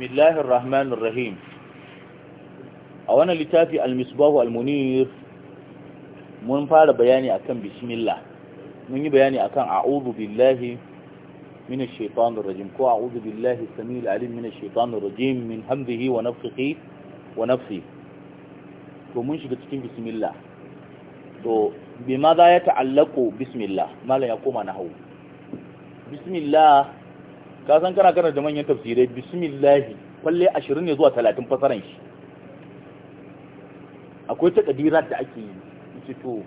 bismillahir rahmanir rahim a wannan littafi al-misbahu al-munir mun fara bayani akan bismillah mun yi bayani akan a'udhu billahi minash shaitanir rajim ko a'udhu billahi samil alim minash shaitanir rajim min hamdihi wa nafthihi wa nafsi to mun shiga cikin bismillah to bima za ya ta'allaqu bismillah malan ya koma nahwu bismillah ka san kana kana da manyan tafsirai bismillahi kwalle 20 ne zuwa 30 fasaran shi akwai ta takadirat da ake yi ce to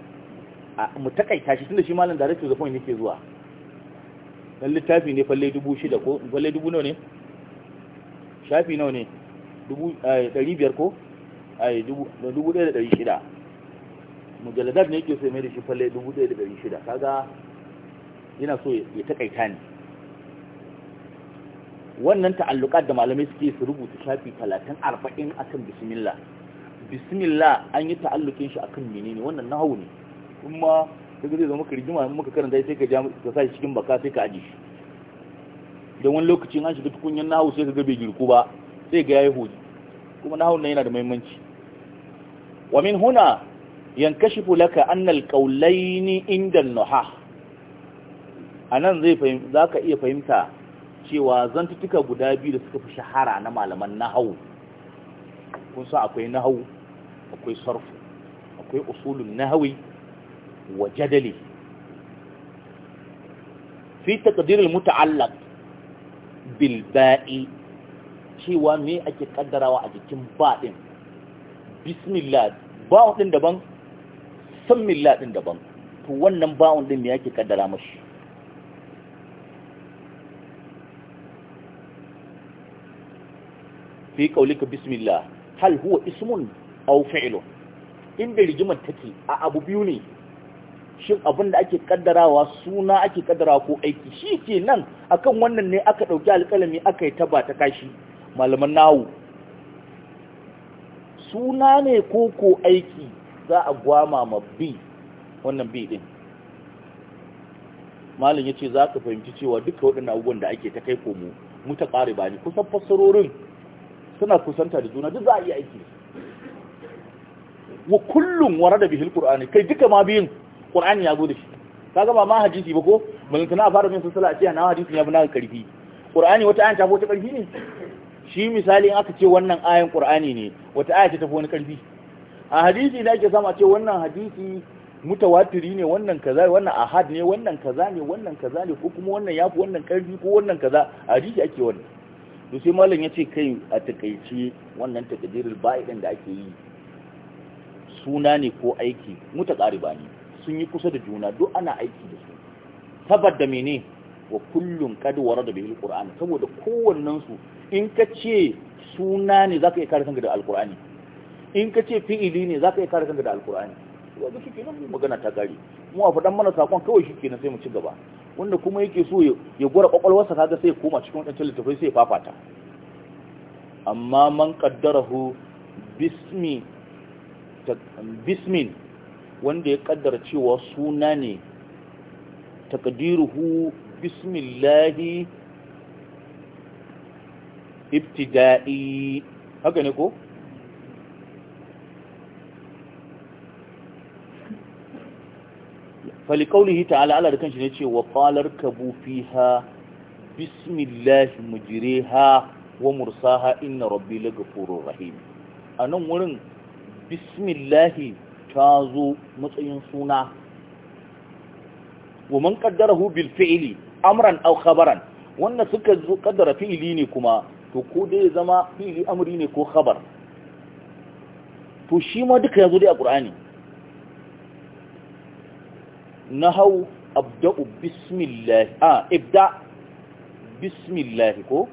a mu takaita shi tunda shi malam director the point yake zuwa dan littafi ne falle 6000 ko falle 1000 ne shafi nawa ne 1500 eh, ko ai 1600 mujalladat ne yake so mai da shi falle 1600 kaga yana so ya takaita ne wannan ta'alluka da malamai suke su rubuta shafi 30 arba'in akan bismillah bismillah an yi ta'allukin shi akan menene wannan nahawu ne kuma daga zai zama kirgima in muka karanta sai ka ka sa shi cikin baka sai ka aji shi don wani lokacin an shiga tukunyan nahawu sai ka ga bai girku ba sai ga yayi hoji kuma nahawun nan yana da muhimmanci wa min huna yankashifu laka anna ni inda an-nuha anan zai fahimta zaka iya fahimta cewa zantuttuka guda biyu da suka fi shahara na malaman nahau kun san akwai nahau akwai sarfu akwai usulun nahawi wa jadali fi taqdiril muta'allaq bil ba'i cewa me ake kaddarawa a jikin ba din bismillah ba'un din daban sammillah din daban to wannan ba'un din me ake kaddara mashi fi kaulika bismillah hal huwa ismun aw fi'lun inda rigimar take a abu biyu ne shin abin da ake kaddarawa suna ake kaddarawa ko aiki shi ke nan akan wannan ne aka ɗauki alƙalami aka yi taba ta kashi malaman nawo suna ne ko ko aiki za a gwama ma b wannan b ɗin malin ya ce za ka fahimci cewa duka waɗannan abubuwan da ake ta kai komo muta ba ne kusan fassarorin suna kusanta da juna duk za a iya aiki wa kullum wa rada bihil qur'ani kai duka ma biyin qur'ani ya zo da shi kaga ba ma hadisi ba ko balanta a fara min sassala a ce na hadisi ya bi na karfi qur'ani wata ayan ta fi wata karfi ne shi misali in aka ce wannan ayan qur'ani ne wata aya ta tafi wani karfi a hadisi da ake samu a ce wannan hadisi mutawatiri ne wannan kaza wannan ahad ne wannan kaza ne wannan kaza ne ko kuma wannan yafi wannan karfi ko wannan kaza a hadisi ake wannan to sai malam ya ce kai a takaice wannan takadirin ba'idin da ake yi suna ne ko aiki muta ƙariba ne sun yi kusa da juna duk ana aiki da su tabar da mene wa kullum kadwara da bihil qur'ani saboda kowannen su in ka ce suna ne zaka iya kare da alqur'ani in ka ce fi'ili ne zaka iya kare da alqur'ani to ba shi nan magana ta kare mu a fadan mana sakon kawai shi kenan sai mu ci gaba wanda kuma yake so ya gora kwakwalwarsa kaga sai ya koma cikin wadancan littafai sai fafata amma man kaddarahu bismi bismin wanda ya kaddara cewa suna ne takadiruhu bismillahi ibtida'i haka ne ko falikauli ta'ala Allah da kanshi ne ce wa qalar kabu fiha bismillahi mujriha wa mursaha inna rabbi laghafurur rahim nan wurin bismillahi ta zo matsayin suna wa man qaddarahu bil fi'li amran aw khabaran wanda suka zo kaddara fi'li ne kuma to ko dai zama fi'li amri ne ko khabar to shi ma duka yazo dai a qur'ani nahau abda'u bismillah ah ibda bismillah ko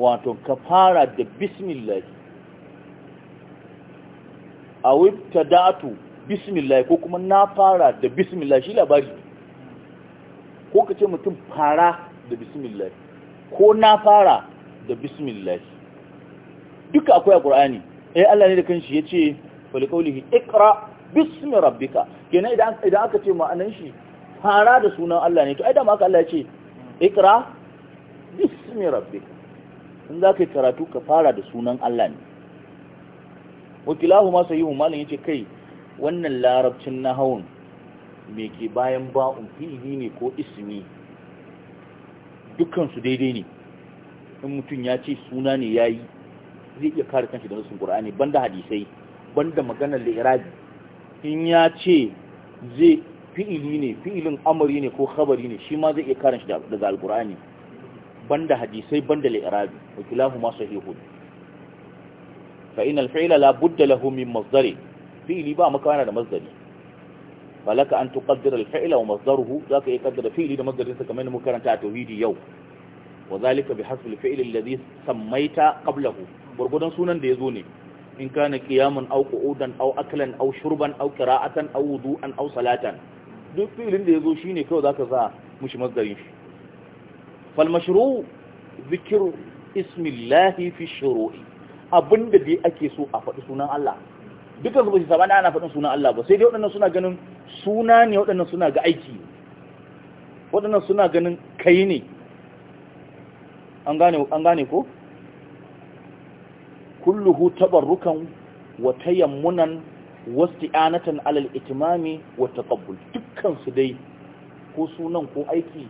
wato ka fara da bismillah bismillah ko kuma na fara da bismillah shi labari ko ka mutum fara da bismillah ko na fara da bismillah duka akwai a ƙur'ani eh Allah ne da kanshi ya ce falƙaulihi ikra bismi rabbika kenan idan aka ce ma'anan shi fara da sunan Allah ne to ai da maka Allah ya ce ikra bismi rabbika in za ka yi karatu ka fara da sunan Allah ne wakilahu ma wa malam yace kai wannan larabcin nahawun me ke bayan ba'un fili ne ko ismi dukansu daidai ne in mutum ya ce suna ne ya yi zai iya kare kanshi da nasin ƙur'ani banda hadisai banda maganar lirabi in ya ce zai fi'ili ne fi'ilin amari ne ko khabari ne shi ma zai iya karin shi daga alkur'ani banda hadisai banda li'irabi wa kilahuma sahihun fa innal fi'la la budda lahu min masdari fi'ili ba maka yana da masdari balaka an tuqaddira al-fi'la wa masdaruhu zaka iya kaddara fi'ili da masdarin sa kamar muka karanta a tauhidi yau wa zalika bihasbi al-fi'l alladhi sammaita qablahu gurgudan sunan da yazo ne in kana qiyaman aw qu'udan aw aklan aw shurban aw qira'atan aw wudu'an aw salatan duk filin da yazo shine kawai zaka sa mushi masdarin shi fal mashru' zikru ismillahi fi shuru'i abinda dai ake so a faɗi sunan Allah dukkan su ba su ana faɗin sunan Allah ba sai dai waɗannan suna ganin suna ne waɗannan suna ga aiki waɗannan suna ganin kai ne an gane ko kulluhu tabarrukan wa tayammunan wasti'anatan alal itimami wa taqabbul dukkan su dai ko sunan ko aiki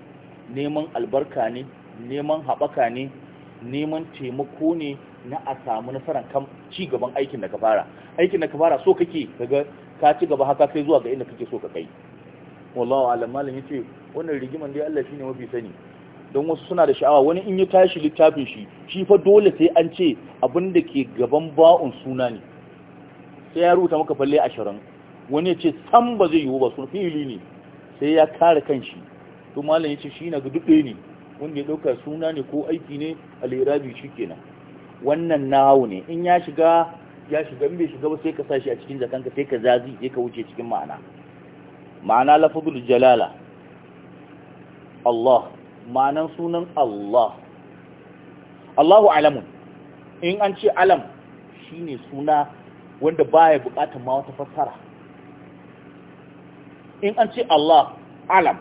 neman albarka ne neman haɓaka ne neman taimako ne na a samu nasarar ci gaban aikin da ka fara aikin da ka fara so kake kaga ka ci gaba haka kai zuwa ga inda kake so ka kai wallahu alam malam yace wannan rigiman dai Allah shine mafi sani don wasu suna da sha'awa wani in ya tashi littafin shi shi fa dole sai an ce abin da ke gaban ba'un suna ne sai ya rubuta maka falle ashirin wani ya ce san ba zai yiwu ba sun fili ne sai ya kare kan shi to malam ya ce shi na duk ne wanda ya ɗauka suna ne ko aiki ne alirabi shi kenan wannan nawo ne in ya shiga ya shiga in bai shiga ba sai ka sa shi a cikin jakanka sai ka zazi sai ka wuce cikin ma'ana ma'ana lafazul jalala Allah ma'anan sunan Allah Allahu alamun in an ce alam shine suna wanda baya buƙatar ma wata fassara in an ce Allah alam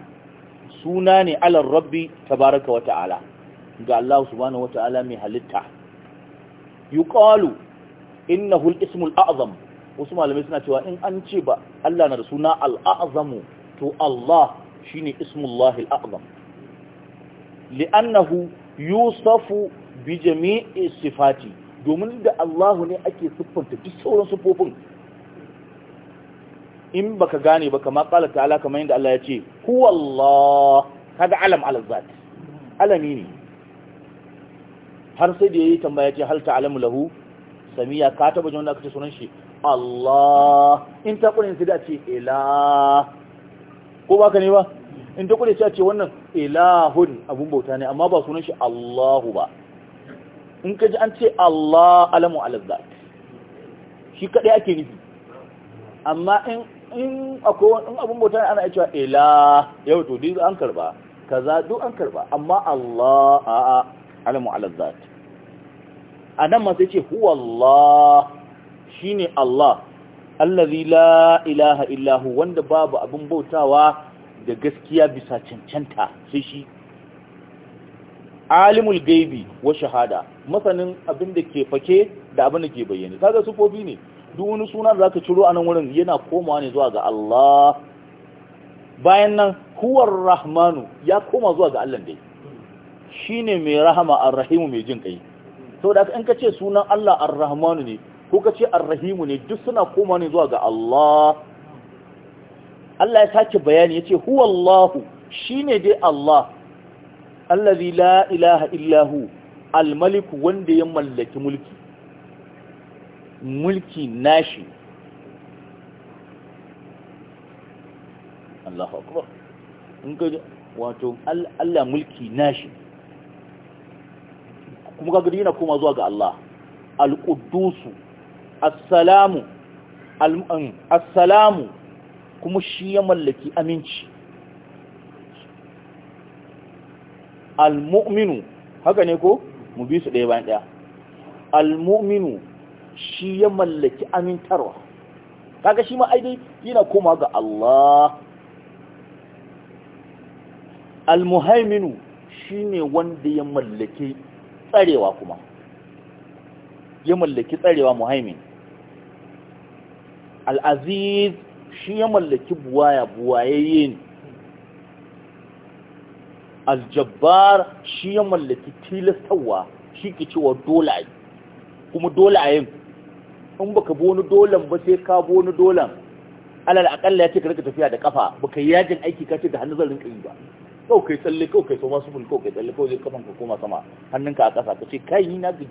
suna ne alar rabbi tabaraka wa ta'ala ga Allah subhanahu wa ta'ala mai halitta yuqalu innahu al-ismul a'zam wasu malamai suna cewa in an ce ba Allah na da suna al-a'zamu to Allah shine ismullahi al-a'zam li'annahu yusafu bi jami'i sifati domin da Allah ne ake siffanta duk sauran siffofin in baka gane ba kama qala ta'ala kamar yadda Allah ya ce huwallah kaga alam ala zat alami ne har sai da yayi tambaya ce hal ta'lamu lahu samiya ka taba jin wanda aka ce sunan shi Allah in ta kudin sai da ce ila ko baka ne ba in ta kudin sai ce wannan ilahun abun bauta ne amma ba sunan shi Allahu ba in ka ji an ce Allah alamu alazzat shi kaɗai ake nufi amma in akwai abun bauta ne ana cewa ilah yau to duk an karba kaza duk an karba amma Allah a'a alamu alazzat a nan masu ce huwa Allah shi ne Allah allazi la ilaha illahu wanda babu abin bautawa da gaskiya bisa cancanta sai shi alimul gaibi wa shahada masanin abin da ke fake da abin da ke bayyana kaga sufofi ne duk wani suna da zaka ciro a nan wurin yana komawa ne zuwa ga Allah bayan nan huwar rahmanu ya koma zuwa ga Allah dai shine mai rahama arrahimu mai jin kai saboda in ka ce sunan Allah arrahmanu ne ko ka ce arrahimu ne duk suna koma ne zuwa ga Allah Allah ya sake bayani ya yace huwallahu ne dai Allah allazi la ilaha illahu al-malik wanda ya mallaki mulki mulki nashi Allahu akbar in ka wato Allah mulki nashi kuma ka gari na koma zuwa ga Allah al-quddusu as-salamu al-salamu mm, kuma shi ya mallaki aminci al-mu'minu haka ne ko mu bi su ɗaya bayan ɗaya al-mu'minu shi ya mallaki amintarwa kaga shi ma aidai yana koma ga Allah al-muhaiminu shi ne wanda ya mallaki tsarewa kuma ya mallaki tsarewa muhaimin al-aziz shi ya mallaki buwaya buwayayye ne aljabbar shi ya mallaki tilastawa shi ke cewa dola yi kuma dola a in baka bi wani dolan ba sai ka bi wani dolan alal akalla ya ce ka rika tafiya da kafa baka yi yajin aiki ka ce da hannun zan kai yi ba kawai kai tsalle kawai kai so masu bul kawai tsalle kawai zai kaman ka koma sama hannunka a ƙasa ka ce kai na gaji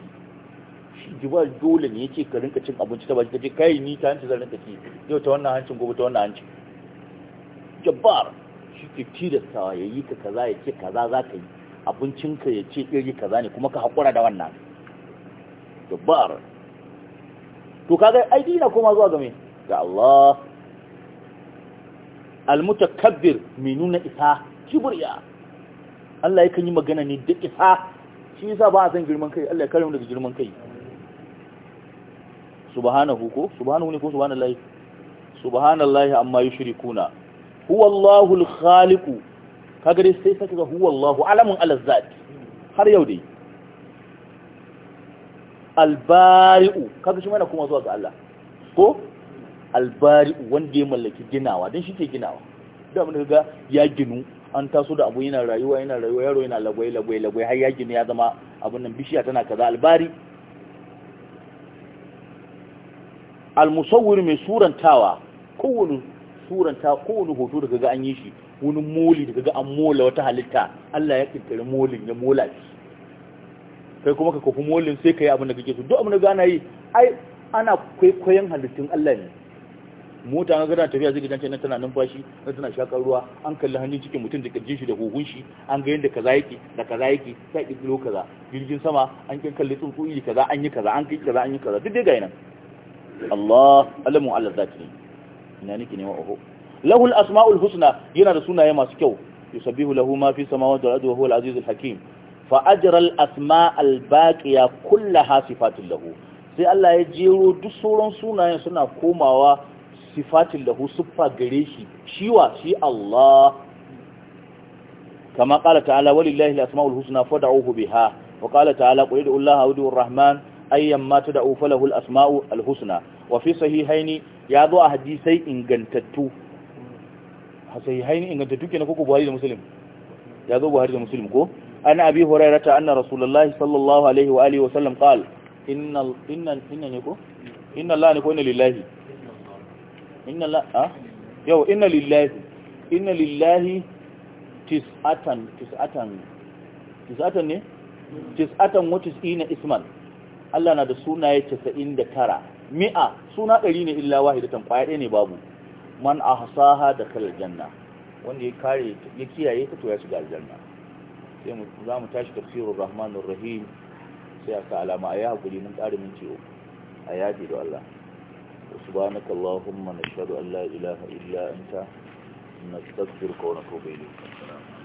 jibril dole ne yake ka rinka cin abinci ta baki kace kai ni ta hanci zan rinka ci yau ta wannan hancin gobe ta wannan hancin jabbar shi ke sawa ya yi ka kaza ya ce kaza za ka yi abincinka ya ce iri kaza ne kuma ka haƙura da wannan jabbar to kaga aiki na koma zuwa game ga Allah al al-mutakabbir mai nuna isa kibriya Allah yakan yi magana ne da isa shi yasa ba a san girman kai Allah ya kare mu daga girman kai subhanahu ko subhanahu ne ko subhanallahi subhanallahi amma yushrikuna huwa Allahu khaliq kaga dai sai saka huwa Allahu alamun alazzat har yau dai Albari'u. kaga shi mana kuma zuwa ga Allah ko Albari'u wanda ya mallaki ginawa dan shi ke ginawa da mun ga ya ginu an taso da abu yana rayuwa yana rayuwa yaro yana lagwai lagwai lagwai har ya ginu ya zama abun nan bishiya tana kaza Albari. al-musawwir mai surantawa kowane suranta kowane hoto da kaga an yi shi wani moli da kaga an mola wata halitta Allah ya kirkiri molin ya mola shi kai kuma ka kofi molin sai ka yi abin da kake so duk abin da gana yi ai ana kwaikwayon halittun Allah ne mota ga gada tafiya zai gidanta nan tana numfashi nan tana shakar ruwa an kalli hannun cikin mutum da kirjin shi da huhun shi an ga yadda kaza yake da kaza yake sai kirkiro kaza jirgin sama an kin kalli tsuntsu kaza an yi kaza an kai kaza an yi kaza duk dai ga nan Allah alamu ne ina nake lahu al-asma'ul husna yana da sunaye masu kyau yusabbihu lahu ma fi samawati wal ardi wa huwa al hakim fa ajra al-asma' baqiya kullaha sifatun lahu sai Allah ya jero duk sauran sunayen suna komawa sifatin lahu siffa gare shi wa shi Allah kama qala ta'ala walillahi al-asma'ul husna fad'uhu biha wa qala ta'ala qul ud'u Allah ar-rahman ayyan mata da falahu al-asma'u al wa fi sahihaini ya zo a hadisai ingantattu sahihaini ingantattu ke na ko Buhari da Muslim ya zo Buhari da Muslim ko an abi hurairata anna rasulullahi sallallahu alaihi wa alihi wa sallam qala inna lillahi inna lillahi ah? inna lillahi inna lillahi tis'atan tis'atan tis'atan ne tis'atan wa tis'ina isman Allah na da sunaye 99 mi'a suna ɗari ne illa wahidatan kwaya ɗaya ne babu man ahsaha da kal janna wanda ya kare ya kiyaye ta to ya shiga aljanna sai mu za mu tashi tafsirur rahmanur rahim sai aka alama ayi hakuri mun ƙara min ciwo a yaji da Allah subhanaka allahumma nashhadu an la ilaha illa anta nastaghfiruka wa natubu ilayk assalamu